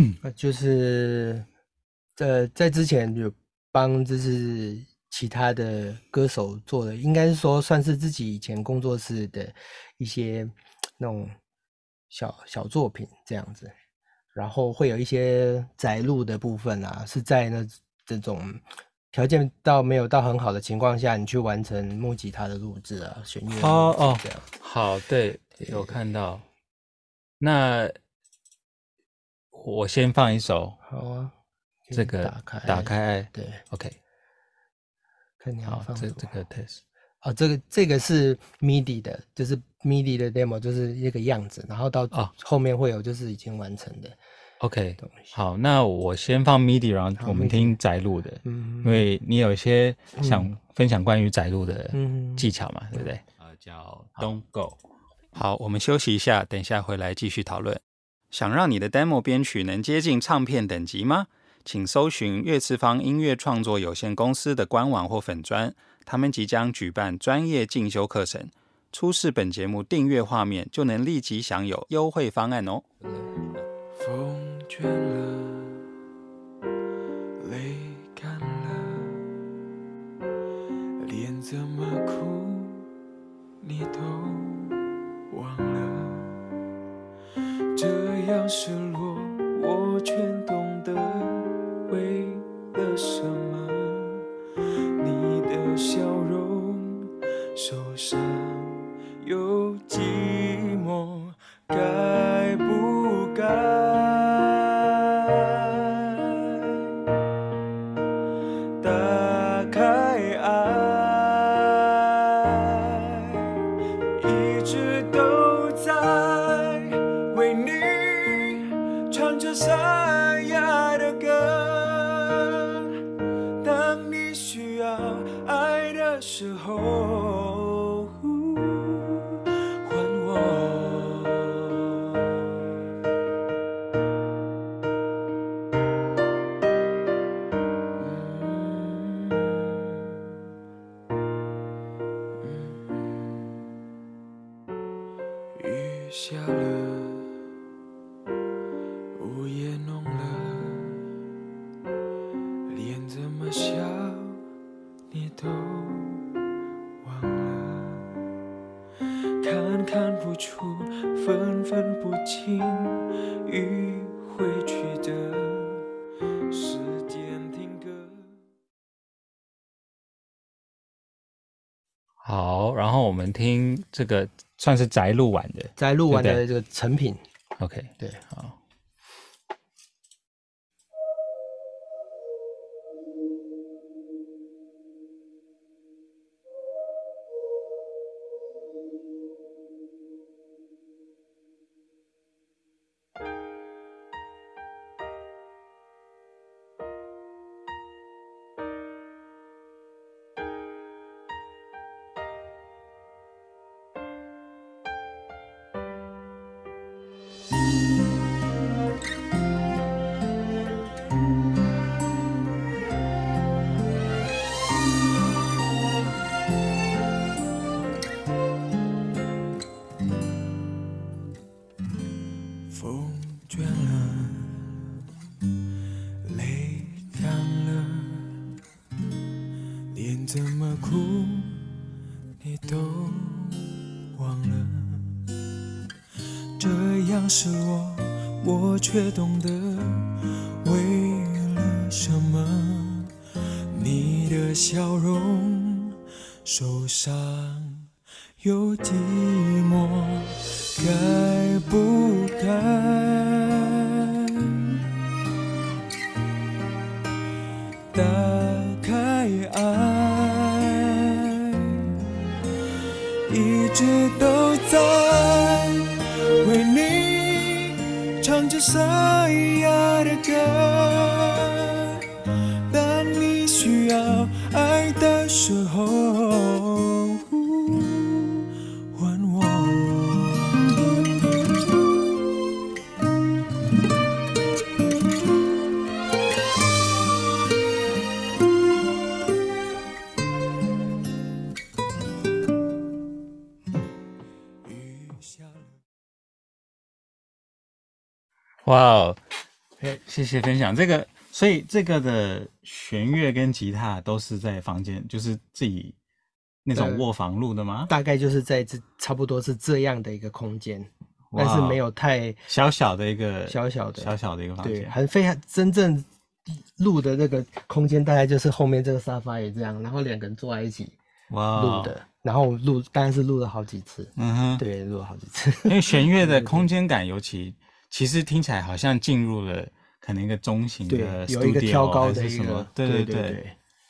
嗯、呃，就是，在、呃、在之前有幫就是其他的歌手做的，應該是說算是自己以前工作室的一些那種小小作品這樣子。然後會有一些宅錄的部分啊，是在那這種條件到沒有到很好的情況下，你去完成木吉他的錄製啊、弦樂這樣、哦哦。好，對，對，有看到。那。我先放一首，好啊，這個打開，打開，對，OK，看你好，這這個 test，啊，這個這個是 MIDI 的，就是 MIDI 的 demo 就是一個樣子，然後到啊後面會有就是已經完成的，OK，好，那我先放 MIDI，然後我們聽宅錄的，嗯，因為你有一些想分享關於宅錄的技巧嘛，對不對？啊，叫 Don't Go。好，我們休息一下，等一下回來繼續討論。想讓你的 demo 編曲能接近唱片等級嗎？請搜尋樂次方音樂創作有限公司的官網或粉專，他們即將舉辦專業進修課程。出示本節目訂閱畫面，就能立即享有優惠方案哦。風倦了，淚乾了，連怎麼哭你都這樣失落，我全懂得，為了什麼？你的笑容，受傷。愛呀的歌，當你需要愛的時候。這個算是宅錄完的，宅錄完的這個成品。OK，對，對。Okay, 對的哭你都忘了，這樣是我，我卻懂得為了什麼。你的笑容，受傷又寂寞，該不該？都在為你唱着歌。哇哦，嘿 Wow,、嗯，謝謝分享這個。所以這個的弦樂跟吉他都是在房間，就是自己那種臥房錄的嗎？大概就是在這差不多是這樣的一個空間，wow, 但是沒有太小小的一個小小的小小的一個房間。對，很非常真正錄的那個空間，大概就是後面這個沙發也這樣，然後兩個人坐在一起錄的，wow, 然後錄當然是錄了好幾次，嗯哼，對，錄了好幾次，因為弦樂的空間感尤其 對對對。其實聽起來好像進入了可能一個中型的有一個挑高的什麼，對對對,對，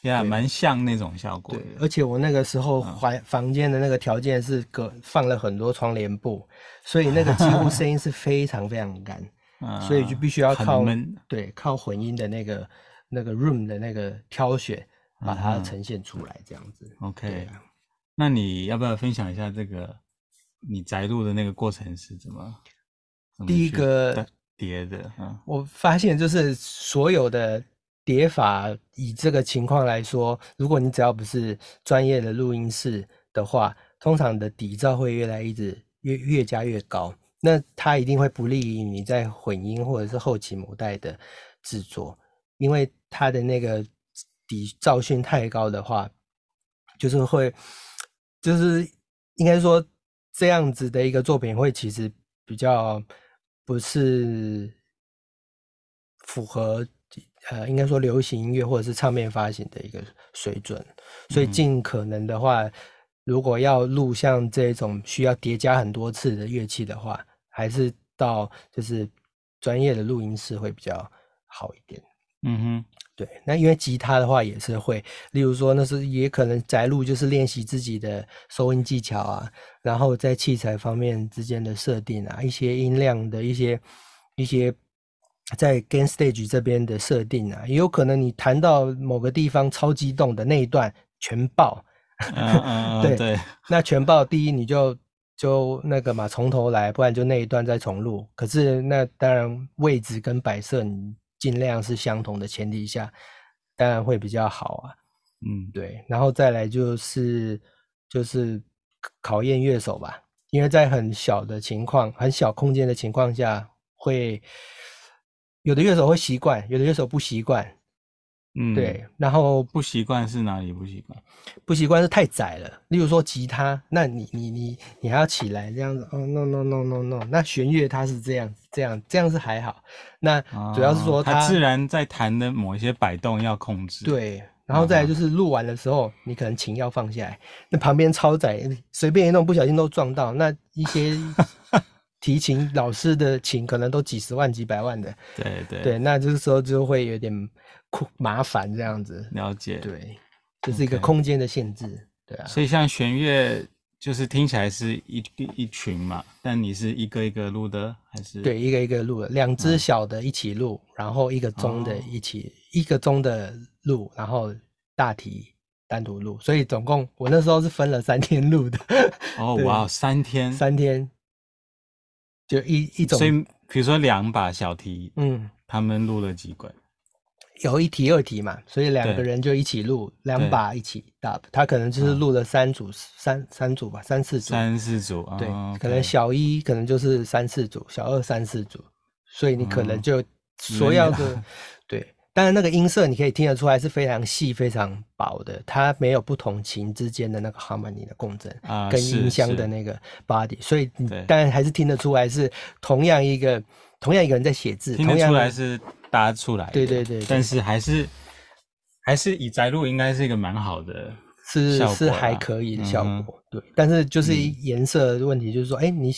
呀，yeah, 對蠻像那種效果。對，而且我那個時候房、嗯、房間的那個條件是個放了很多窗簾布，所以那個幾乎聲音是非常非常乾， 所以就必須要靠、嗯、對靠混音的那個那個 room 的那個挑選把它呈現出來、嗯、這樣子。OK，、啊、那你要不要分享一下這個你宅錄的那個過程是怎麼？第一個疊的，我發現就是所有的疊法，以這個情況來說，如果你只要不是專業的錄音室的話，通常的底噪會越來一直越來越加越高，那它一定會不利於你在混音或者是後期母帶的制作，因為它的那個底噪訊太高的話，就是會就是應該說這樣子的一個作品會其實比較。不是符合呃，應該說流行音樂或者是唱片發行的一個水準，所以盡可能的話，嗯哼。如果要錄像這種需要疊加很多次的樂器的話，還是到就是專業的錄音室會比較好一點。嗯哼。對，那因為吉他的話也是會，例如說那是也可能宅錄就是練習自己的收音技巧啊，然後在器材方面之間的設定啊，一些音量的一些一些在 gain stage 這邊的設定啊，也有可能你彈到某個地方超激動的那一段全爆，對，uh, uh, uh, 對，uh, uh, uh, 對，那全爆第一你就就那個嘛，從頭來，不然就那一段再重錄。可是那當然位置跟擺設你。儘量是相同的前提下，當然會比較好啊。嗯，對，然後再來就是就是考驗樂手吧，因為在很小的情況、很小空間的情況下，會有的樂手會習慣，有的樂手不習慣。嗯， 對，然後不習慣是哪裡不習慣？不習慣是太窄了。例如說吉他，那你你你你還要起來這樣子，哦、oh,，no no no no no, no。No, no. 那弦樂它是這樣這樣這樣是還好。那主要是說它、啊、自然在彈的某一些擺動要控制。對，然後再來就是錄完的時候， 你可能琴要放下來，那旁邊超窄，隨便一弄不小心都撞到那一些。 提琴老師的琴可能都幾十萬幾百萬的，對對對，那這個時候就會有點苦麻煩這樣子。了解，對，這是一個空間的限制，Okay. 對啊。所以像弦樂就是聽起來是一一群嘛，但你是一個一個錄的還是？對，一個一個錄的，兩隻小的一起錄，嗯、然後一個中的一起，哦、一個中的錄，然後大提單獨錄，所以總共我那時候是分了三天錄的。哦， 對哇，三天，三天。就一一種，所以比如說兩把小提，嗯，他們錄了幾軌？有一提二提嘛，所以兩個人就一起錄，兩對把一起打，他可能就是錄了三組對三三組吧，三四組。三四組，對，哦 okay，可能小一可能就是三四組，小二三四組，所以你可能就所要的。嗯。當然，那個音色你可以聽得出來是非常細、非常薄的，它沒有不同琴之間的那個 harmony 的共振啊，跟音箱的那個 body，、啊、所以對，當然還是聽得出來是同樣一個同樣一個人在寫字，聽得出來是搭出來的，的對，對對對。但是還是、嗯、還是以宅錄應該是一個蠻好的、啊，是是還可以的效果，嗯、哼對。但是就是顏色的問題，就是說，哎、嗯欸，你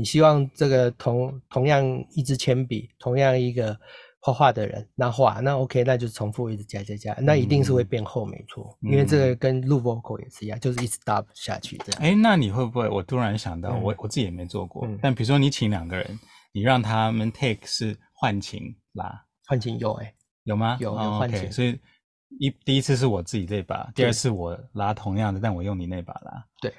你希望這個同同樣一支鉛筆，同樣一個。畫畫的人，那畫，那 OK，那就是重複一直加加加，嗯、那一定是會變厚，沒錯、嗯，因為這個跟錄 vocal 也是一樣，就是一直 double 下去這樣。哎、欸，那你會不會？我突然想到，嗯、我我自己也沒做過，嗯、但比如說你請兩個人，你讓他們 take 是換琴拉，換琴有哎、欸，有嗎？有、哦、有換琴，okay, 所以一第一次是我自己這把，第二次我拉同樣的，對但我用你那把拉。對。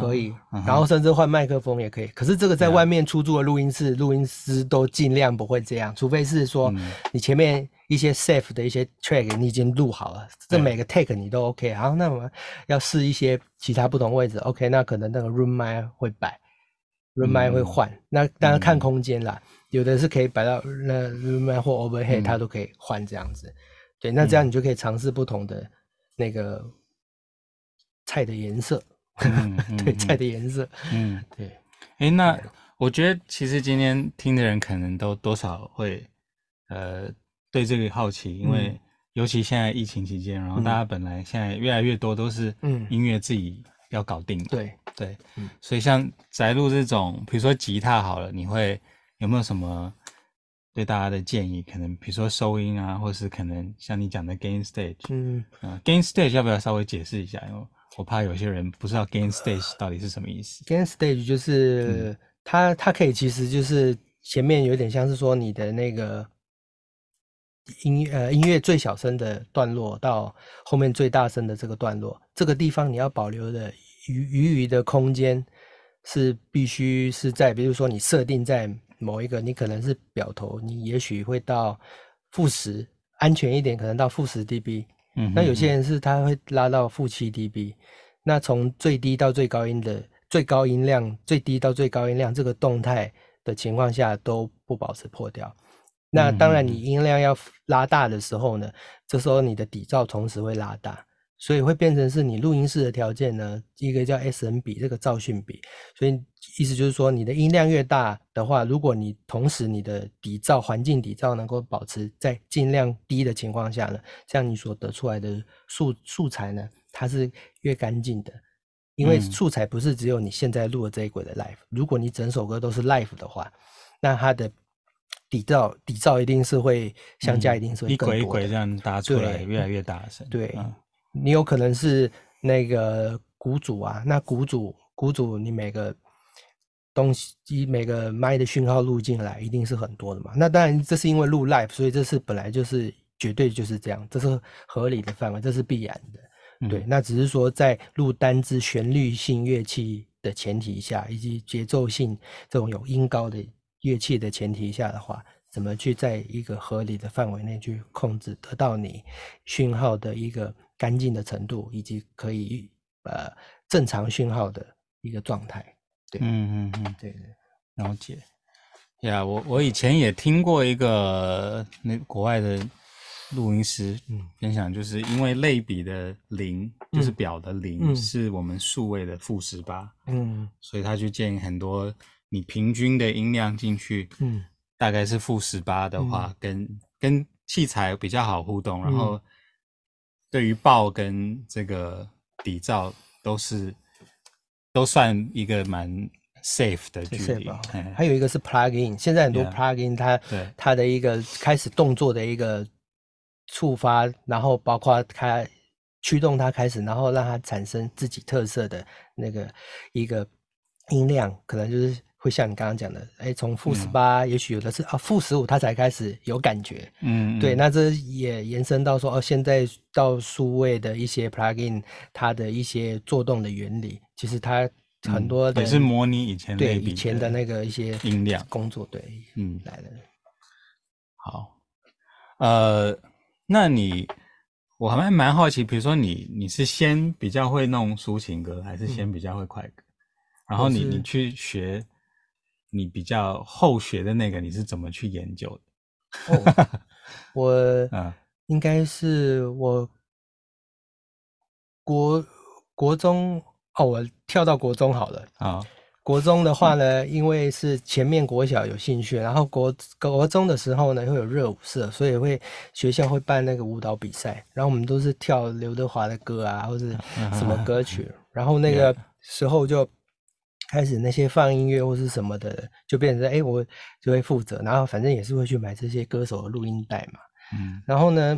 可以，uh huh. uh huh. 然後甚至換麥克風也可以。可是這個在外面出租的錄音室，啊、錄音師都盡量不會這樣，除非是說你前面一些 safe 的一些 track 你已經錄好了，uh huh. 這每個 take 你都 OK、uh。好、huh. 啊，那我們要試一些其他不同位置，OK？那可能那個 room 麥會擺、uh huh.，room 麥會換。Uh huh. 那當然看空間啦，有的是可以擺到那 room 麥或 overhead，它都可以換這樣子。Uh huh. 對，那這樣你就可以嘗試不同的那個菜的顏色。 對菜、嗯嗯、的顏色，嗯，對，誒，那我覺得其實今天聽的人可能都多少會，呃，對這個好奇，因為尤其現在疫情期間，嗯、然後大家本來現在越來越多都是，嗯，音樂自己要搞定，對、嗯、對，對嗯、所以像宅錄這種，比如說吉他好了，你會有沒有什麼對大家的建議？可能比如說收音啊，或是可能像你講的 gain stage，嗯，啊、呃、gain stage 要不要稍微解釋一下？因為我怕有些人不知道 gain stage 到底是什麼意思。Uh, gain stage 就是、嗯、它，它可以其實就是前面有點像是說你的那個音，呃，音樂最小聲的段落到後面最大聲的這個段落，這個地方你要保留的餘餘餘的空間是必須是在，比如說你設定在某一個，你可能是表頭，你也許會到負十，安全一點，可能到負十 dB。嗯， 那有些人是他會拉到負七 dB，那從最低到最高音的最高音量，最低到最高音量這個動態的情況下都不保持破掉。那當然你音量要拉大的時候呢， 這時候你的底噪同時會拉大。所以會變成是你錄音室的條件呢，一個叫 S/N 比，這個噪訊比。所以意思就是說，你的音量越大的話，如果你同時你的底噪環境底噪能夠保持在盡量低的情況下呢，像你所得出來的素素材呢，它是越乾淨的。因為素材不是只有你現在錄的這一軌的 live，、嗯、如果你整首歌都是 live 的話，那它的底噪底噪一定是會相加，一定是會、嗯、一軌一軌這樣搭出來對越來越大聲、嗯，對。你有可能是那個鼓組啊，那鼓組鼓組，你每個東西，你每個麥的訊號錄進來，一定是很多的嘛？那當然，這是因為錄 live，所以這是本來就是絕對就是這樣，這是合理的範圍，這是必然的。對，嗯、那只是說在錄單支旋律性樂器的前提下，以及節奏性這種有音高的樂器的前提下的話，怎麼去在一個合理的範圍內去控制，得到你訊號的一個。乾淨的程度以及可以呃正常訊號的一個狀態，對，嗯嗯嗯，對對，了解。呀、yeah，我我以前也聽過一個那國外的錄音師分享，就是因為類比的零、嗯、就是表的零、嗯、是我們數位的負十八，18, 嗯，所以他就建議很多你平均的音量進去，嗯，大概是負十八的話，嗯、跟跟器材比較好互動，嗯、然後。對於爆跟這個底噪都是都算一個蠻 safe 的距離。還有一個是 plugin，現在很多 plugin 它對 Yeah, 它的一個開始動作的一個觸發，對然後包括它驅動它開始，然後讓它產生自己特色的那個一個音量，可能就是。會像你剛剛講的，哎，從負十八，18, 嗯、也許有的是啊，負十五，它才開始有感覺。嗯，對，那這也延伸到說，哦，現在到數位的一些 plugin，它的一些作動的原理，其實它很多的也是模擬以前對以前的那個一些音量工作。對，嗯，來了。好，呃，那你我還蠻好奇，比如說你你是先比較會弄抒情歌，還是先比較會快歌？嗯、然後你是你去學。你比較後學的那個，你是怎麼去研究的？ oh, 我啊，應該是我國國中哦，oh, 我跳到國中好了啊。Oh. 國中的話呢，因為是前面國小有興趣，然後國國中的時候呢，會有熱舞社，所以會學校會辦那個舞蹈比賽，然後我們都是跳劉德華的歌啊，或者什麼歌曲，uh huh. 然後那個時候就。Yeah. 開始那些放音樂或是什麼的，就變成哎、欸，我就會負責，然後反正也是會去買這些歌手的錄音帶嘛。嗯，然後呢，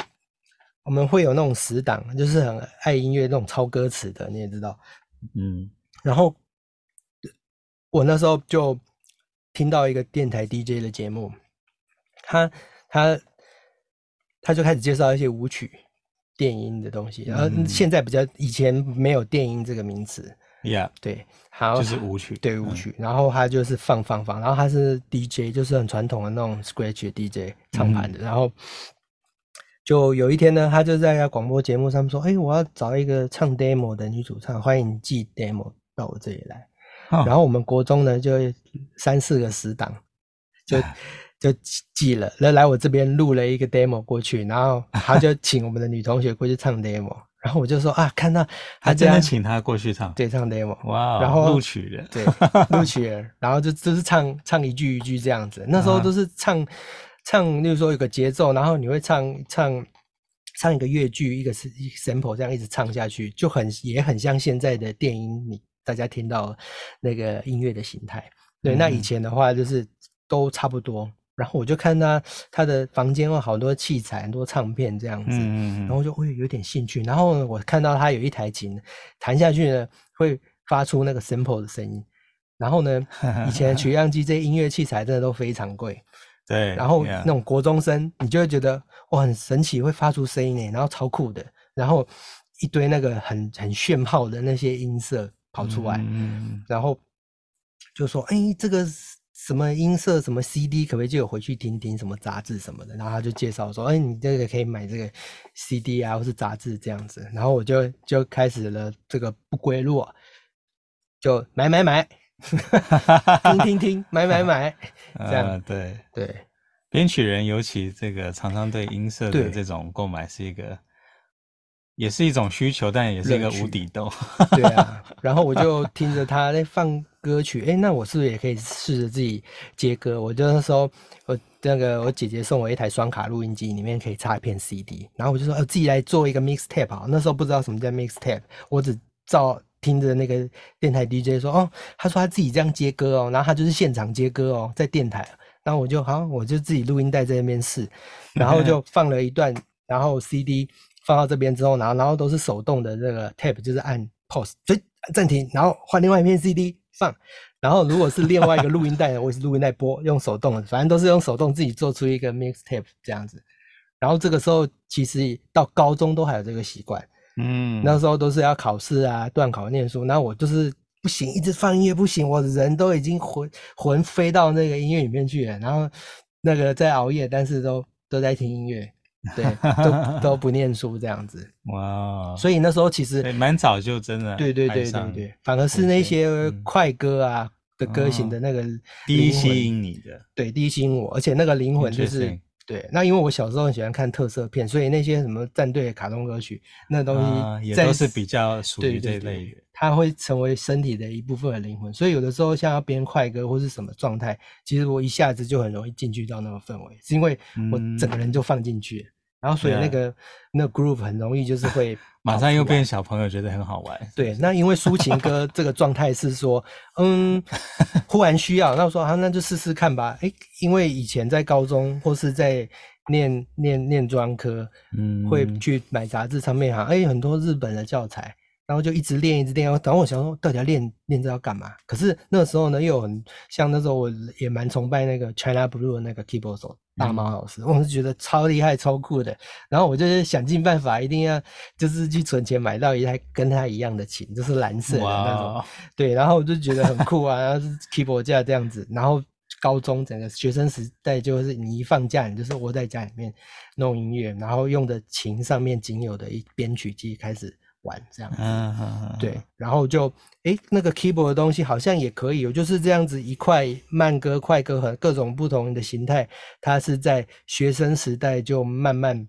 我們會有那種死黨，就是很愛音樂那種抄歌詞的，你也知道。嗯，然後我那時候就聽到一個電台 DJ 的節目，他他他就開始介紹一些舞曲、電音的東西，然後現在比較以前沒有電音這個名詞。嗯 Yeah, 對，好，就是舞曲，對、嗯、舞曲。然後他就是放放放，然後他是 DJ，就是很傳統的那種 Scratch DJ 唱盤的。嗯、然後就有一天呢，他就在廣播節目上面說：“誒，我要找一個唱 demo 的女主唱，歡迎你寄 demo 到我這裡來。哦”然後我們國中呢，就三四個死黨就就寄了，來 來我這邊錄了一個 demo 過去，然後他就請我們的女同學過去唱 demo。 然後我就說啊，看到還真的請他過去唱，對，唱 demo，哇，然後錄取了， 對，錄取了，然後就就是唱唱一句一句這樣子。那時候都是唱、啊、唱，就是說有個節奏，然後你會唱唱唱一個樂句，一個是一 sample 這樣一直唱下去，就很也很像現在的電音，你大家聽到那個音樂的形態。對，嗯、那以前的話就是都差不多。然後我就看他他的房間有好多器材，很多唱片這樣子，嗯嗯，然後我就哦、哎、有點興趣。然後呢，我看到他有一台琴，彈下去呢會發出那個 sample 的聲音。然後呢，以前取樣機這些音樂器材真的都非常貴。 對。然後那種國中生，你就會覺得哇 Yeah. 很神奇，會發出聲音耶，然後超酷的。然後一堆那個很很炫砲的那些音色跑出來，嗯嗯，然後就說：“哎，這個。”什麼音色，什麼 CD，可不可以就回去聽聽？什麼雜誌什麼的，然後他就介紹說：“哎、欸，你這個可以買這個 CD 啊，或是雜誌這樣子。”然後我就就開始了這個不歸路，就買買買， 聽聽聽，買買買， 這樣對、嗯、對。對編曲人尤其這個常常對音色的這種購買是一個，對也是一種需求，但也是一個無底洞。 對啊，然後我就聽着他在放，歌曲，哎，那我是不是也可以試着自己接歌？我就那時候，我那個我姐姐送我一台雙卡錄音機，裡面可以插一片 CD。然後我就說，哦，自己來做一個 mix tape 啊。那時候不知道什麼叫 mix tape，我只照聽着那個電台 DJ 說，哦，他說他自己這樣接歌哦，然後他就是現場接歌哦，在電台。然後我就好，哦，我就自己錄音帶在那邊試，然後就放了一段，然後 CD 放到這邊之後，然後然後都是手動的那個 tape，就是按 pause 暫停，然後換另外一片 CD 放，然後如果是另外一個錄音帶， 我也是錄音帶播，用手動的，反正都是用手動自己做出一個 mix tape 這樣子。然後這個時候其實到高中都還有這個習慣，嗯，那時候都是要考試啊、段考念書，那我就是不行，一直放音樂不行，我的人都已經魂魂飛到那個音樂裡面去了，然後那個在熬夜，但是都都在聽音樂。 對，都都不念書這樣子，哇、哦！所以那時候其實蠻早就真的，對對對，上對對對，反而是那些快歌啊的歌型的那個、嗯哦，第一吸引你的，對，第一吸引我，而且那個靈魂就是。嗯對對對，那因為我小時候很喜歡看特色片，所以那些什麼戰隊、卡通歌曲，那東西、呃、也都是比較屬於這一類。對對對，它會成為身體的一部分的靈魂，所以有的時候像要編快歌或是什麼狀態，其實我一下子就很容易進去到那個氛圍，是因為我整個人就放進去。嗯。然後，所以那個、啊、那 group 很容易就是會馬上又變小朋友，覺得很好玩。對，是是那因為抒情歌這個狀態是說， 嗯，忽然需要，那我說啊，那就試試看吧。誒，因為以前在高中或是在念念念專科，嗯，會去買雜誌上面哈、啊，誒，很多日本的教材。然後就一直練，一直練。然後等我想說，到底要練練這要幹嘛？可是那個時候呢，又很像那時候，我也蠻崇拜那個 China Blue 的那個 Keyboard 手、嗯、大毛老師，我是覺得超厲害、超酷的。然後我就想盡辦法，一定要就是去存錢買到一台跟他一樣的琴，就是藍色的那種。哇對，然後我就覺得很酷啊， 然後 Keyboard 架這樣子。然後高中整個學生時代，就是你一放假，你就是窩在家裡面弄音樂，然後用的琴上面僅有的一編曲機開始。玩這樣子，對，然後就哎、欸，那個 keyboard 的東西好像也可以，我就是這樣子一塊慢歌、快歌和各種不同的形態，它是在學生時代就慢慢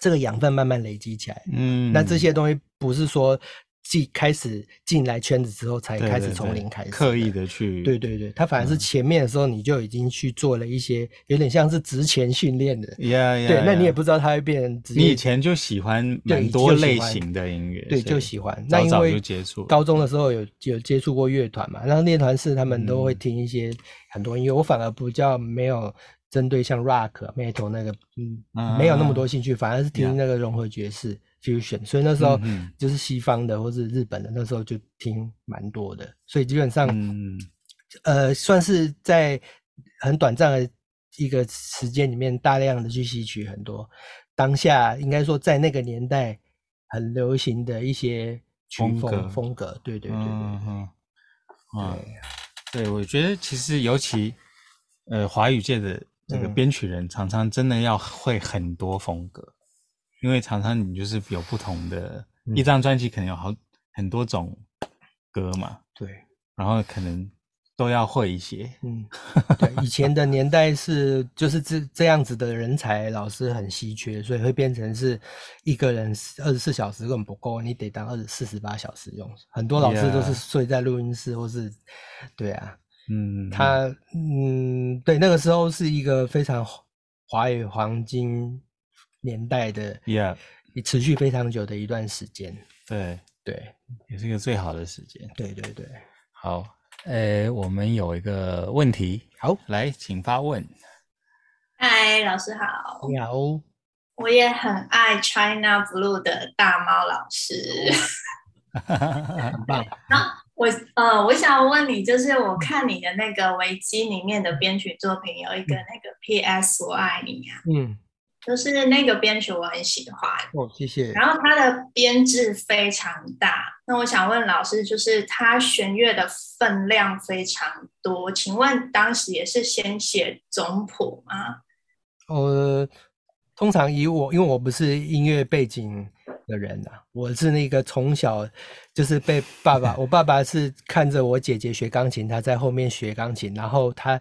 這個養分慢慢累積起來，嗯，那這些東西不是說。即開始進來圈子之後，才開始從零開始刻意的去。對對對，他反而是前面的時候，你就已經去做了一些，有點像是職前訓練的。y 對，那你也不知道他會變。你以前就喜歡很多類型的音樂，對，就喜歡。那因為高中的時候有有接觸過樂團嘛？然後樂團是他們都會聽一些很多音樂，我反而比較沒有。針對像 rock metal 那個，嗯，沒有那麼多興趣，嗯、反而是聽那個融合爵士 fusion，嗯、所以那時候就是西方的或是日本的，嗯嗯、那時候就聽蠻多的，所以基本上，嗯、呃，算是在很短暫的一個時間裡面，大量的去吸取很多當下應該說在那個年代很流行的一些曲風風格，風格，對對對，對，對，嗯，嗯，對嗯，對，我覺得其實尤其呃華語界的。這個編曲人常常真的要會很多風格，嗯、因為常常你就是有不同的，嗯、一張專輯可能有好很多種歌嘛，對，然後可能都要會一些。嗯，對，以前的年代是 就是這這樣子的人才老師很稀缺，所以會變成是一個人二十四小時根本不夠，你得當二十四十八小時用，很多老師都是睡在錄音室或是 Yeah. 對啊。嗯，他嗯，對，那個時候是一個非常華語黃金年代的，Yeah，持續非常久的一段時間。對對，對也是一個最好的時間。對對對。好，誒，我們有一個問題，好，來，請發問。嗨，老師好。你好。我也很愛 China Blue 的大貓老師。哈哈哈哈，很棒。No. 我呃，我想問你，就是我看你的那個維基裡面的編曲作品，有一個那個 P.S. 我愛你呀。嗯，就是那個編曲我很喜歡哦，謝謝。然後它的編制非常大，那我想問老師，就是它弦樂的分量非常多，請問當時也是先寫總譜嗎？呃，通常以我，因為我不是音樂背景。的人吶、啊，我是那個從小就是被爸爸，我爸爸是看着我姐姐學鋼琴，他在後面學鋼琴，然後他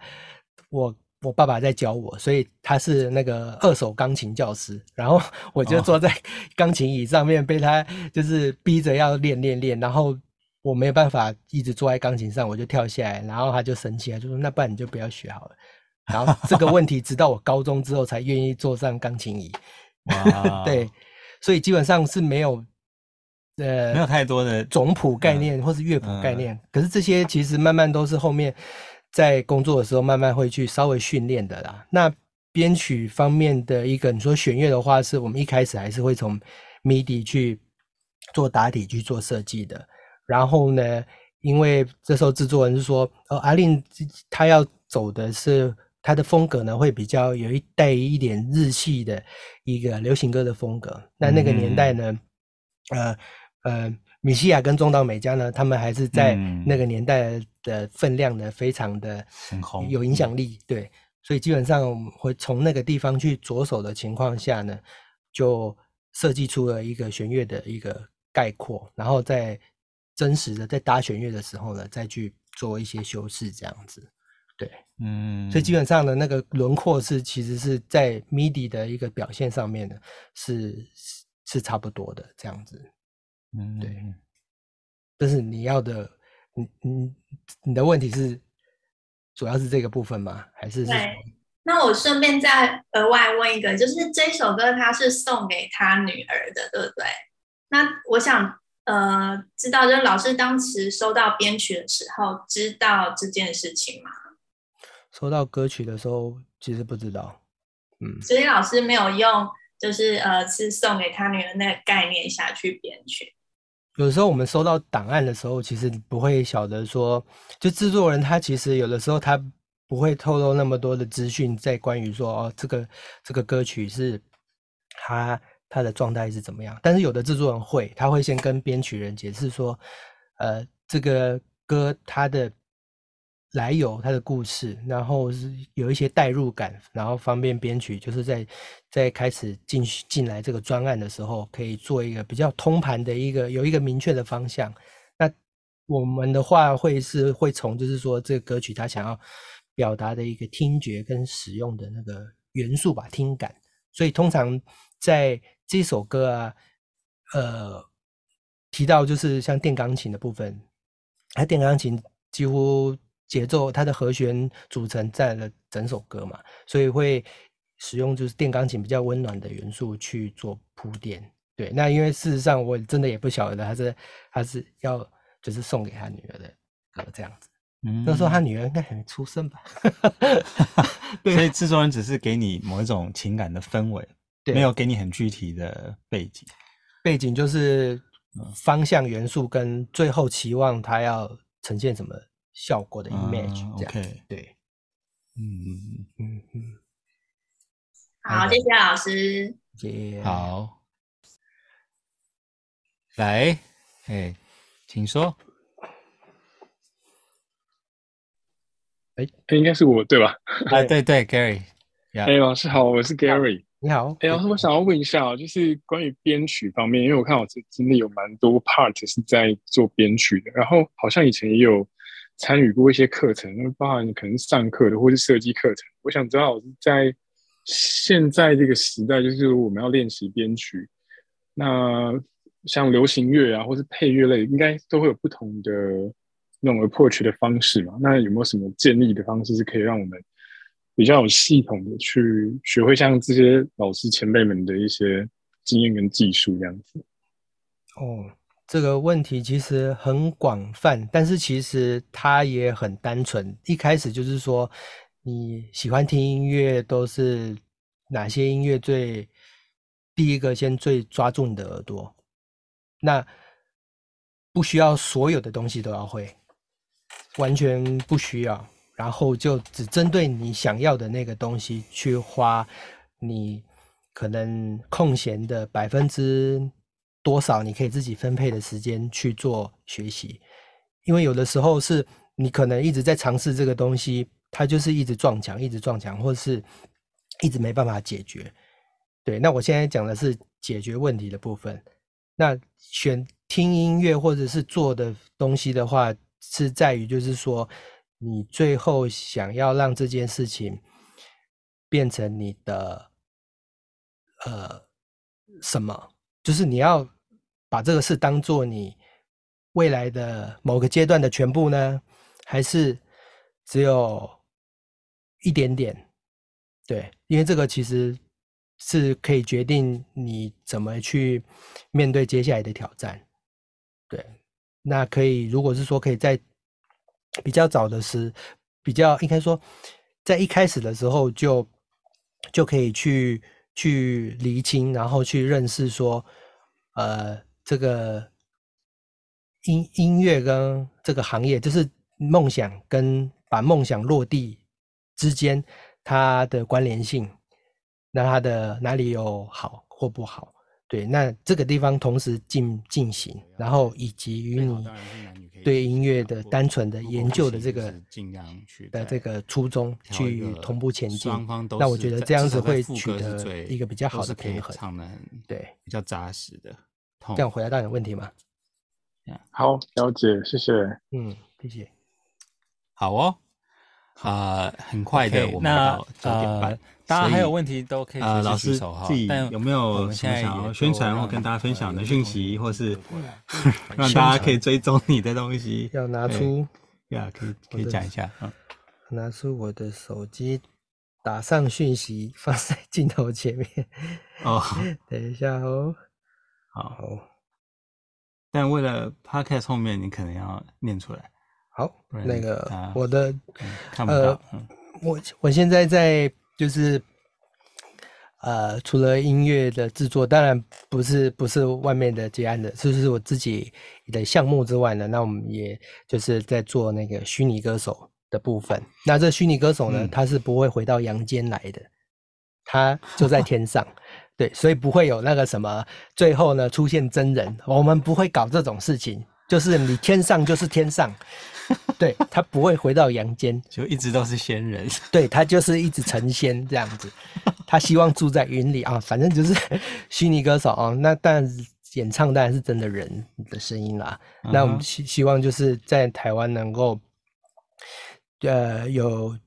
我我爸爸在教我，所以他是那個二手鋼琴教師，然後我就坐在鋼琴椅上面被他就是逼着要練練練，然後我沒有辦法一直坐在鋼琴上，我就跳下來，然後他就生氣了，就說那不然你就不要學好了，然後這個問題直到我高中之後才願意坐上鋼琴椅，哇 對。所以基本上是沒有，呃，沒有太多的總譜概念或是樂譜概念。可是這些其實慢慢都是後面在工作的時候慢慢會去稍微訓練的啦。那編曲方面的一個，你說弦樂的話，是我們一開始還是會從 MIDI 去做打底去做設計的。然後呢，因為這時候制作人是說，呃，A-Lin 他要走的是。它的風格呢，會比較有一帶一點日系的一個流行歌的風格。那那個年代呢，嗯、呃呃，米西亞跟中島美嘉呢，他們還是在那個年代的分量呢，非常的有影響力。對，嗯嗯、所以基本上會從那個地方去着手的情況下呢，就設計出了一個弦樂的一個概括，然後在真實的在搭弦樂的時候呢，再去做一些修飾，這樣子。對，嗯，所以基本上的那個輪廓是，其實是在 MIDI 的一個表現上面的，是是差不多的這樣子，嗯，對。但是你要的，你你你的問題是，主要是這個部分嗎？還是，是對？那我順便再額外問一個，就是這首歌它是送給他女兒的，對不對？那我想呃，知道，就是老師當時收到編曲的時候，知道這件事情嗎？收到歌曲的時候，其實不知道，嗯，所以老師沒有用，就是呃，是送給他女兒那個概念下去編曲。有時候我們收到檔案的時候，其實不會曉得說，就制作人他其實有的時候他不會透露那麼多的資訊，在關於說哦，這個這個歌曲是他他的狀態是怎麼樣？但是有的制作人會，他會先跟編曲人解釋說，呃，這個歌他的。來有他的故事，然後是有一些代入感，然後方便編曲，就是在在開始進進來這個專案的時候，可以做一個比較通盤的一個有一個明確的方向。那我們的話會是會從就是說這個歌曲他想要表達的一個聽覺跟使用的那個元素吧，聽感。所以通常在這首歌啊，呃，提到就是像電鋼琴的部分，它電鋼琴幾乎。節奏，它的和弦組成在了整首歌嘛，所以會使用就是電鋼琴比較溫暖的元素去做鋪墊。對，那因為事實上我真的也不曉得他是他是要就是送給他女兒的歌這樣子。嗯，那時候他女兒應該還沒出生吧？對。 所以製作人只是給你某一種情感的氛圍，對沒有給你很具體的背景。背景就是方向元素跟最後期望他要呈現什麼。效果的 image，這樣子，對，嗯嗯嗯，好，謝謝老師，好，來，哎，請說，哎，哎，應該是我對吧？哎，對對，Gary，哎，老師好，我是 Gary，你好，哎，老師，我想要問一下，就是關於編曲方面，因為我看我這真的有蠻多 part 是在做編曲的，然後好像以前也有。參與過一些課程，那包含你可能上課的，或是設計課程。我想知道老師在現在這個時代，就是我們要練習編曲，那像流行樂啊，或是配樂類，應該都會有不同的那種 approach 的方式嘛？那有沒有什麼建立的方式，是可以讓我們比較有系統的去學會像這些老師前輩們的一些經驗跟技術這樣子？哦。這個問題其實很廣泛，但是其實它也很單純。一開始就是說，你喜歡聽音樂，都是哪些音樂最？第一個先最抓住你的耳朵，那不需要所有的東西都要會，完全不需要。然後就只針對你想要的那個東西去花，你可能空閒的百分之。多少你可以自己分配的時間去做學習，因為有的時候是你可能一直在嘗試這個東西，它就是一直撞牆，一直撞牆，或者是一直沒辦法解決。對，那我現在講的是解決問題的部分。那選聽音樂或者是做的東西的話，是在於就是說，你最後想要讓這件事情變成你的呃什麼？就是你要把這個事當做你未來的某個階段的全部呢，還是只有一點點？對，因為這個其實是可以決定你怎麼去面對接下來的挑戰。對，那可以，如果是說可以在比較早的時候，比較應該說在一開始的時候就就可以去。去釐清，然後去認識說，呃，這個音音樂跟這個行業，就是夢想跟把夢想落地之間，它的關聯性，那它的哪裡有好或不好？對，那這個地方同時進進行，然後以及與你對音樂的單純的研究的這個的這個初衷去同步前進，那我覺得這樣子會取得一個比較好的平衡，對，比較扎實的。這樣回答到有問題嗎？好，了解，謝謝。嗯，謝謝。好哦，啊好，uh, 很快的，我們到九 Okay, 那點大家還有問題都可以啊，老師自己有沒有想要宣傳或跟大家分享的訊息，或是讓大家可以追蹤你的東西？要拿出，呀，可以可以講一下啊。拿出我的手機，打上訊息，放在鏡頭前面。哦，等一下哦。好，但為了 Podcast 後面，你可能要念出來。好，那個我的，看不到，呃，我我現在在。就是，呃，除了音樂的制作，當然不是不是外面的接案的，就是我自己的項目之外呢，那我們也就是在做那個虛擬歌手的部分。那這虛擬歌手呢，它、嗯、是不會回到陽間來的，它就在天上，呵呵對，所以不會有那個什麼，最後呢出現真人，我們不會搞這種事情，就是你天上就是天上。 對他不會回到陽間，就一直都是仙人。 對他就是一直成仙這樣子，他希望住在雲裡啊，反正就是虛擬 歌手啊。那當然演唱當然是真的人的聲音啦。Uh huh. 那我們希希望就是在台灣能夠，呃，有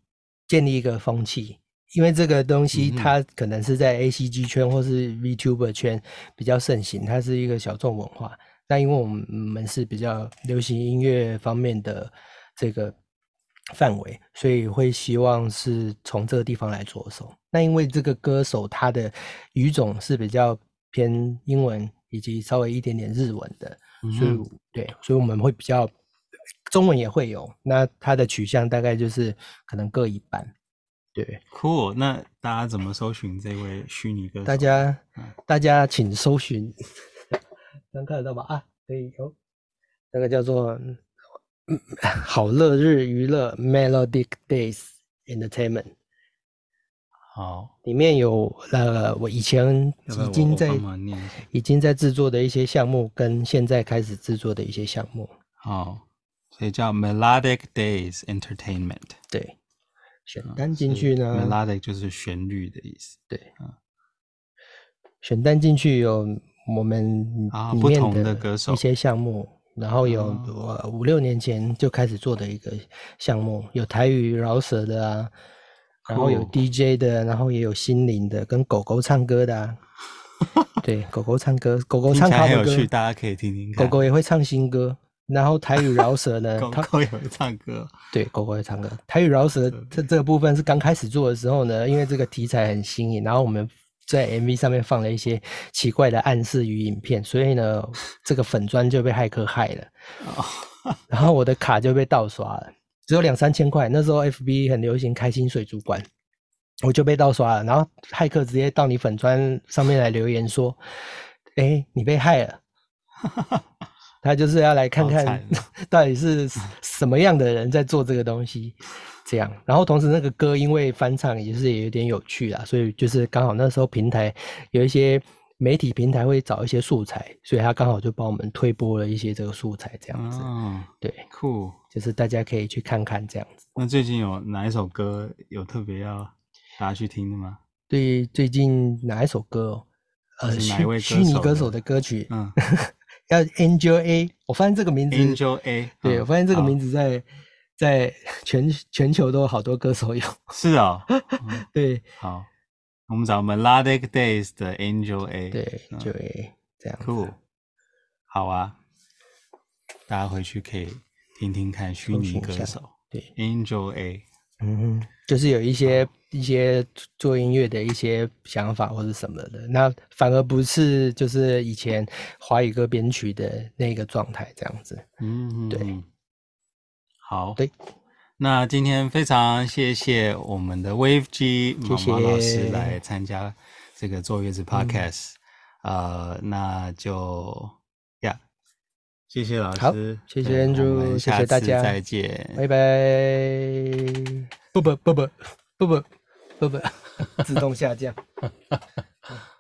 建立一個風氣，因為這個東西它可能是在 ACG 圈或是 VTuber 圈比較盛行，它是一個小眾文化。那因為我們我們是比較流行音樂方面的。這個範圍，所以會希望是從這個地方來着手。那因為這個歌手他的語種是比較偏英文，以及稍微一點點日文的，嗯、哼所以對，所以我們會比較中文也會有。那他的取向大概就是可能各一半。對，Cool。那大家怎麼搜尋這位虛擬歌手？大家大家請搜尋，能看得到吧啊，可以哦。那個叫做。 好樂日娛樂 Melodic Days Entertainment，好，裡面有那、呃、我以前已經在我我已經在制作的一些項目，跟現在開始制作的一些項目。好，所以叫 Melodic Days Entertainment。對，選單進去呢，Melodic 就是旋律的意思。對，啊、嗯，選單進去有我們裡面不同的歌手一些項目。然後有五五六年前就開始做的一個項目，有台語饒舌的啊，然後有 DJ 的，然後也有心靈的，跟狗狗唱歌的，啊。對，狗狗唱歌，狗狗唱他的歌，還有趣，大家可以聽聽。狗狗也會唱新歌，然後台語饒舌呢，狗狗也會唱歌，對，狗狗會唱歌。台語饒舌這這個部分是剛開始做的時候呢，因為這個題材很新穎，然後我們。在 MV 上面放了一些奇怪的暗示與影片，所以呢，這個粉專就被駭客害了。 然後我的卡就被盜刷了，只有兩三千塊。那時候 FB 很流行開心水族館，我就被盜刷了。然後駭客直接到你粉專上面來留言說：“誒、欸、你被害了。” 他就是要來看看 到底是什麼樣的人在做這個東西。這樣，然後同時那個歌因為翻唱也是，也有點有趣啦，所以就是剛好那時候平台有一些媒體平台會找一些素材，所以他剛好就幫我們推播了一些這個素材，這樣子。嗯、哦，對，酷,就是大家可以去看看這樣子。那最近有哪一首歌有特別要大家去聽的嗎？對，最近哪一首歌、哦？呃,是哪一位虛虛擬歌手的歌曲，嗯， 要 Angel A，我發現這個名字，Angel A，、嗯、對我發現這個名字在。嗯在全全球都有好多歌手有。是哦， 對、嗯，好，我們找 Melodic Days 的 Angel A，對，Angel A，、嗯、這樣子，Cool，好啊，大家回去可以聽聽看虛擬歌手，手對，Angel A，嗯哼，就是有一些好一些做音樂的一些想法或者什麼的，那反而不是就是以前華語歌編曲的那個狀態這樣子，嗯，嗯，嗯、對。好，對，那今天非常謝謝我們的 Wave G 謝謝毛毛老師來參加這個做樂子 Podcast、嗯、呃，那就，呀，謝謝老師，好謝謝 e 珠，謝謝大家，再見，拜拜，不不不不不不不不，自動下降。